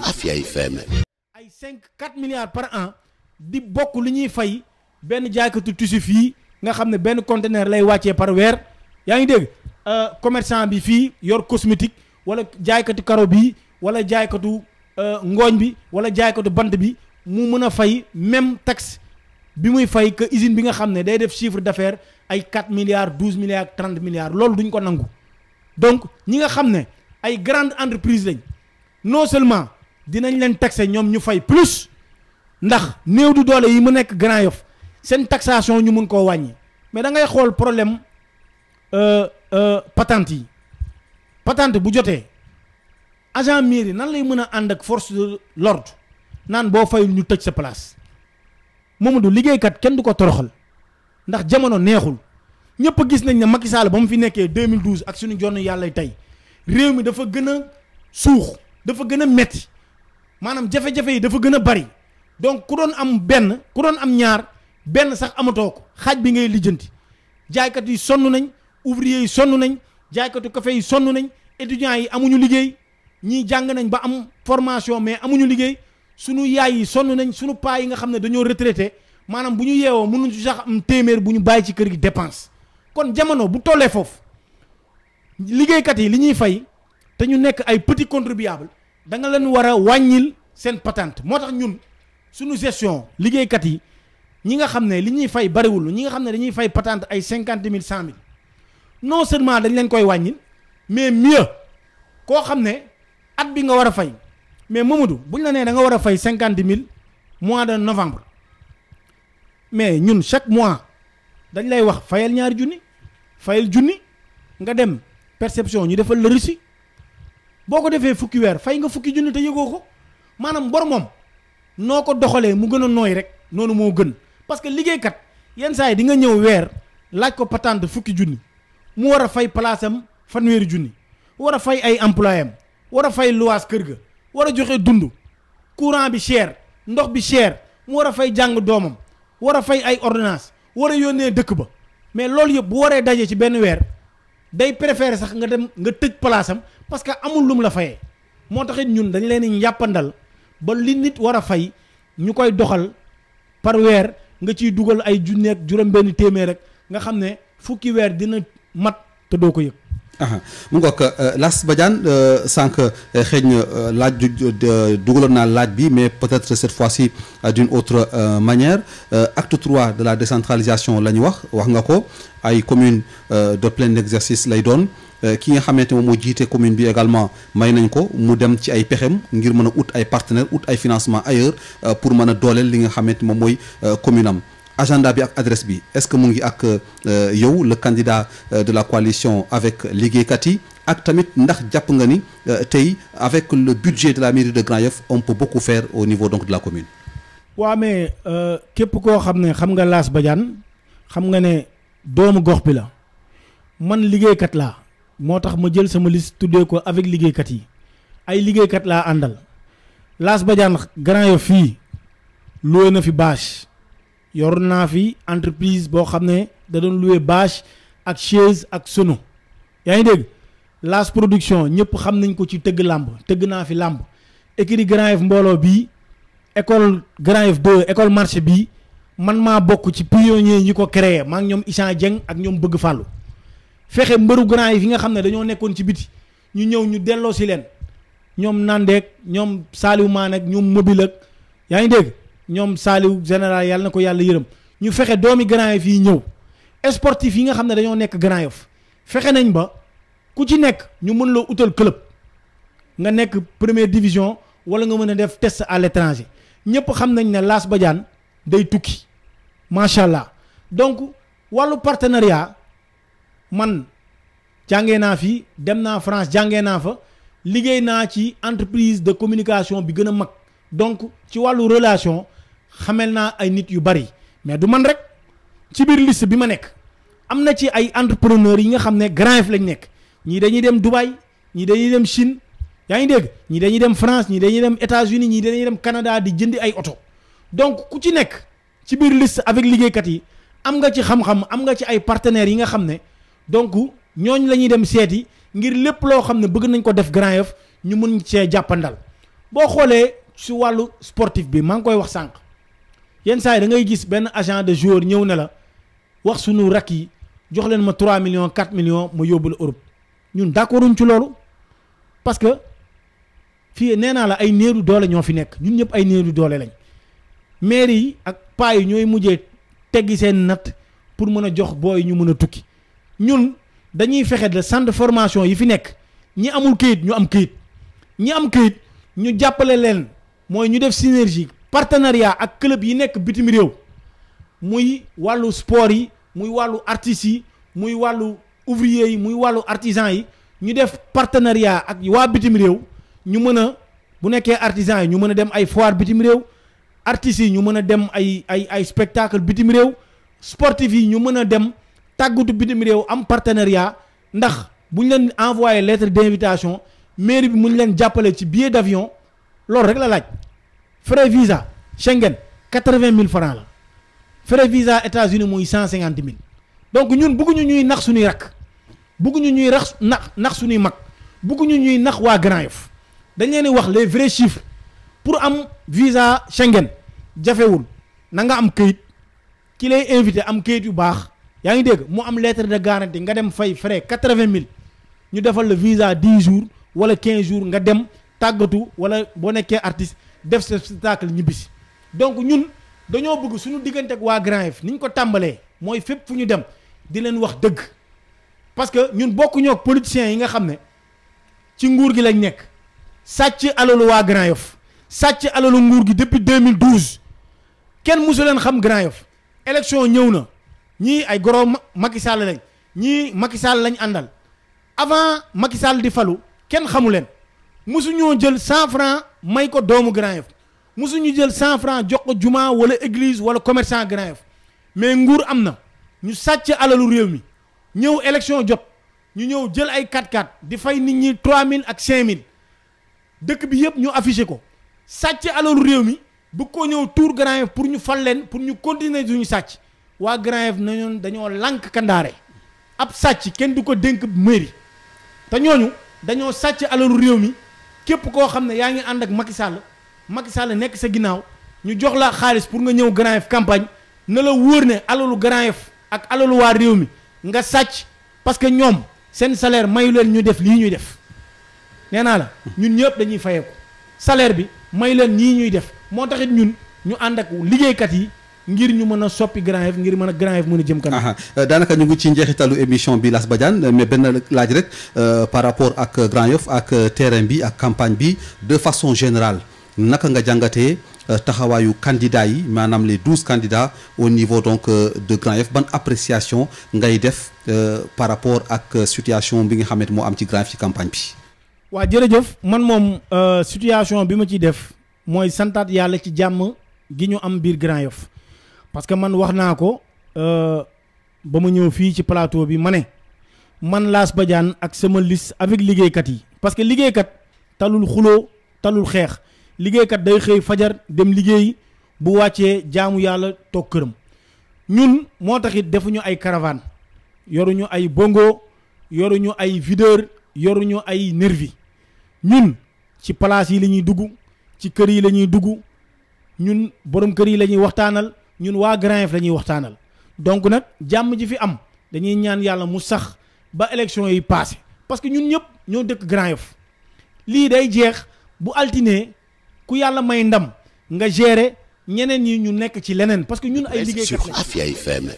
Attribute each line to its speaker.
Speaker 1: Afia FM. ay
Speaker 2: 5 4 milliards par an di bokk lu ñuy fay benn jaaykatu tissu fii nga xam ne benn conteneur lay wàccee par weer yaa ngi dégg euh, commerçant bi fii yor cosmétique wala jaaykatu karo bi wala jaaykatu euh, ngooñ bi wala jaaykatu bant bi mu mën a fay même taxe bi muy fay que usine bi nga xam ne day def chiffre d'affaires ay 4 milliards 12 milliards 30 milliards loolu duñ ko nangu donc ñi nga xam ne ay grandes entreprise lañ no seulement. dinañ leen taxé ñoom ñu fay plus ndax néew du doole yi mu nekk Grand Yoff seen taxation ñu mun koo wàññi mais da ngay xool problème euh, euh, patente yi patante bu jotee agent yi nan lay mën a ànd ak force de l'ordre naan boo fayul ñu tëj sa place moomu du liggéeykat kenn du ko toroxal ndax jamono neexul ñëpp gis nañ ne Macky Sall ba mu fi nekkee 2012 ak suñu jonn yàlla tey réew mi dafa gën a suux dafa gën a metti maanaam jafe-jafe yi dafa gën a bari donc ku doon am benn ku doon am ñaar benn sax amatoo ko xaaj bi ngay lijjanti jaaykat yi sonn nañ ouvrier yi sonn nañ jaaykatu kafe yi sonn nañ étudiants yi amuñu liggéey ñii jàng nañ ba am formation mais amuñu liggéey sunu yaay yi sonn nañ sunu paa yi nga xam ne dañoo retraité maanaam bu ñu yeewoo mënuñ si sax am téeméer bu ñu bàyyi ci kër gi dépense kon jamono bu tollee foofu liggéeykat yi li ñuy fay te ñu nekk ay petit contribuable da nga leen war a wàññil seen patante moo tax ñun suñu gestion liggéeykat yi ñi nga xam ne li ñuy fay bariwul ñi nga xam ne dañuy fay patente ay cinquante mille cent mille non seulement dañ leen koy wàññil mais mieux koo xam ne at bi nga war a fay mais bu ñu la nee da nga war a fay cinquante mille mois de novembre mais ñun chaque mois dañ lay wax fayal ñaari junni fayal junni nga dem perception ñu defal la reçu boo ko defee fukki weer fay nga fukki junni te yëgoo ko maanaam bor moom noo ko doxalee mu gën a nooy rek noonu moo gën parce que liggéeykat yenn saa yi dinga ñëw weer laaj ko patente fukki junni mu war a fay place am fanweeri junni war a fay ay employé am war a fay luwaas kër ga war a joxe dund courant bi cher ndox bi cher mu war a fay jàng doomam war a fay ay ordonnance war a yónnee dëkk ba mais loolu yëpp bu waree dajee ci benn weer day préféré sax nga dem nga tëj place parce que amul lum la fayee moo taxit ñun dañ leen di njàppandal ba li nit war a fay ñu koy doxal par weer nga ciy dugal ay junneeg juróom-benn téeméer rek nga xam ne fukki weer dina mat te doo ko yëg.
Speaker 1: mu ngoog euh, Las Badiane euh, sànq euh, xëy na laaj dugaloon naa laaj bi mais peut-être cette fois-ci d'une autre manière acte trois de la décentralisation la ñu wax wax nga ko ay communes de plein exercice lay doon. Euh, ki nga xamante moom moo jiite commune bi également may nañ ko mu dem ci ay pexem ngir mën a ut ay partenaires ut ay financement ailleurs euh, pour mën a dooleel li nga xamante moom mooy euh, commune am agenda bi ak adresse bi est-ce que mu ngi ak yow le candidat de la coalition avec liggéeykat yi ak tamit ndax jàpp nga ni tey avec le budget de la mairie de Grand Yoff on peut beaucoup faire au niveau donc de la commune
Speaker 2: waa mais képp koo xam ne xam nga Lass Badiane xam nga ne doomu gox bi la man liggéeykat laa moo tax ma jël sama liste tuddee ko avec liggéeykat yi ay liggéeykat laa àndal Lass Badiane Grand Yoff fii loué na fi bâche yor naa fi entreprise boo xam ne da doon loué bâche ak chaise ak sunu yaa ngi dégg Lass production ñëpp xam nañ ko ci tëgg làmb tëgg naa fi làmb écurie Grand mbooloo bi école Grand Yoff 2 école marché bii man maa bokk ci pionnier ñi ko créé maa ngi ñoom Issa Dieng ak ñoom Bëgg Fàllu fexe mbëru grand yi fi nga xam ne dañoo nekkoon ci biti ñu ñëw ñu delloo si leen ñoom Nandeek ñoom Saliou Maane ak ñoom Mobile ak yaa ngi dégg ñoom Saliou général yàlla na ko yàlla yërëm ñu fexe doomi grand yi fii ñëw esportif yi nga xam ne dañoo nekk Grand yof fexe nañ ba ku ci nekk ñu mën loo utal club nga nekk première division wala nga mën a def test à l'étranger ñëpp xam nañ ne Lass Badiane day tukki macha allah donc wàllu partenariat man jànge naa fi dem naa France jàngee naa fa liggéey naa ci entreprise de communication bi gën a mag donc ci wàllu relation xamel naa ay nit yu bari mais du man rek ci biir liste bi ma nekk am na ci ay entrepreneurs yi nga xam ne Grand Yoff lañ nekk ñii dañuy dem Dubaï ñii dañuy dem Chine yaa ngi dégg ñii dañuy dem France ñii dañuy dem États-Unis ñii dañuy dem Canada di jëndi ay oto donc ku ci nekk ci biir liste avec liggéeykat yi am nga ci xam-xam am nga ci ay partenaires yi nga xam ne. donc ñooñ la ñuy dem seeti ngir lépp loo xam ne bëgg nañ ko def Grand Yoff ñu mun cee jàppandal boo xoolee su wàllu sportif bi maa ngi koy wax sànq yenn saa yi da ngay gis benn agent de jour ñëw ne la wax sunu rak yi jox leen ma 3 million 4 millions ma yóbbu la Europe ñun d'accorduñ ci loolu parce que fii nee naa la ay néeru doole ñoo fi nekk ñun ñëpp ay néeru doole lañ maire yi ak paa yi ñooy mujjee teggi seen natt pour mën a jox booy ñu mën a tukki. ñun dañuy fexe de centre de formation yi fi nekk ñi amul këyit ñu am këyit ñi am këyit ñu jàppale leen mooy ñu def synergie partenariat ak club yi nekk bitim réew muy wàllu sport yi muy wàllu artistes yi muy wàllu ouvrier yi muy wàllu artisan yi ñu def partenariat ak waa bitim réew ñu mën a bu nekkee artisan yi ñu mën a dem ay foire bitim réew artistes yi ñu mën a dem ay ay ay spectacle bitim réew sportif yi ñu mën a dem tàggatu bitim réew am partenariat ndax bu ñu leen envoyé lettre d'invitation mairie bi mu ñu leen jàppalee ci billet d'avion loolu rek la laaj frais visa Schengen quatre-vingt mille francs la frais visa États-Unis mooy cent cinquante mille donc ñun bëgguñu ñuy nax suñuy rak bëgguñu ñuy rax nax nax suñuy mag bëgguñu ñuy nax waa Grand Yoff dañ leen wax les vrais chiffres pour am visa Schengen jafewul na nga am këyit ki lay invité am kayit yu baax yaa ngi dégg mu am lettre de garantie nga dem fay frais quatre-vingt mille ñu defal la visa dix jours wala quinze jours nga dem tàggatu wala boo nekkee artiste def sa spectacle ñibbisi donc ñun dañoo bëgg suñu diggante ak waa Grand Yoff ni ñu ko tàmbalee mooy fépp fu ñu dem di leen wax dëgg parce que ñun bokkuñoo ak politiciens yi nga xam ne ci nguur gi lañ nekk sàcc alalu waa Grand Yoff sàcc alalu nguur gi depuis 2012 kenn mosu leen xam Grand Yoff élection ñëw na. ñii ay goro Macky Sall lañ ñii Macky Sall lañ àndal avant Macky Sall di falu kenn xamu leen mosuñoo jël cent franc may ko doomu Grand Yoff mosuñu jël cent jox ko juma wala église wala commerçant Grand Yoff mais nguur am na ñu sàcc alalu réew mi ñëw élection jot ñu ñëw jël ay 4-4 di fay nit ñi 3000 ak 5000 dëkk bi yëpp ñu affiché ko sàcc alalu réew mi bu ko ñëw tour Grand pour ñu fal leen pour ñu continuer duñu sàcc waa Grand na nañoon dañoo lànk kandaare ab sàcc kenn du ko dénk mairie te ñooñu dañoo sàcc alalu réew mi képp koo xam ne yaa ngi ànd ak Macky Sall Macky Sall nekk sa ginnaaw ñu jox la xaalis pour nga ñëw Grand Yoff campagne na la wóor ne alalu Grand ak alalu waa réew mi nga sàcc parce que ñoom seen salaire mayu leen ñu def lii ñuy def nee naa la ñun ñëpp dañuy fayeeku salaire bi mayu leen ñii ñuy def moo taxit ñun ñu ànd ak liggéeykat yi ngir ñu mën a soppi Grand Yoff
Speaker 1: ngir mën a Grand Yoff mën a jëm kanam euh, daanaka ñu ngi ci njeexitalu émission bi Lass Badiane euh, mais benn laaj rek euh, par rapport ak Grand Yoff ak terrain bi ak campagne bi de façon générale naka nga jàngatee taxawaayu candidats yi maanaam les douze candidats au niveau donc de Grand Yoff ban appréciation ngay def par rapport ak situation bi nga xamante moo am ci Grand Yoff ci campagne bi
Speaker 2: waa jërëjëf man moom situation bi ma ciy def mooy santaat yàlla ci jàmm gi ñu am biir Grand Yoff parce que man wax naa ko euh, ba ma ñëw fii ci plateau bi ma ne man Lass Badiane ak sama liste avec liggéeykat yi parce que liggéeykat talul xuloo talul xeex liggéeykat day xëy fajar dem liggéey bu wàccee jaamu yàlla toog këram ñun moo tax it defuñu ay caravane yoruñu ay bongo yoruñu ay videur yoruñu ay nervi ñun ci place yi lañuy dugg ci kër yi lañuy dugg ñun borom kër yi lañuy waxtaanal ñun waa Grand Yoff la ñuy waxtaanal donc nag jàmm ji fi am dañuy ñaan yàlla mu sax ba élection yi passé parce que ñun ñëpp ñoo dëkk Grand lii day jeex bu altine ku yàlla may ndam nga gérer ñeneen ñi ñu nekk ci leneen parce que ñun ay liggéey liggéeykat la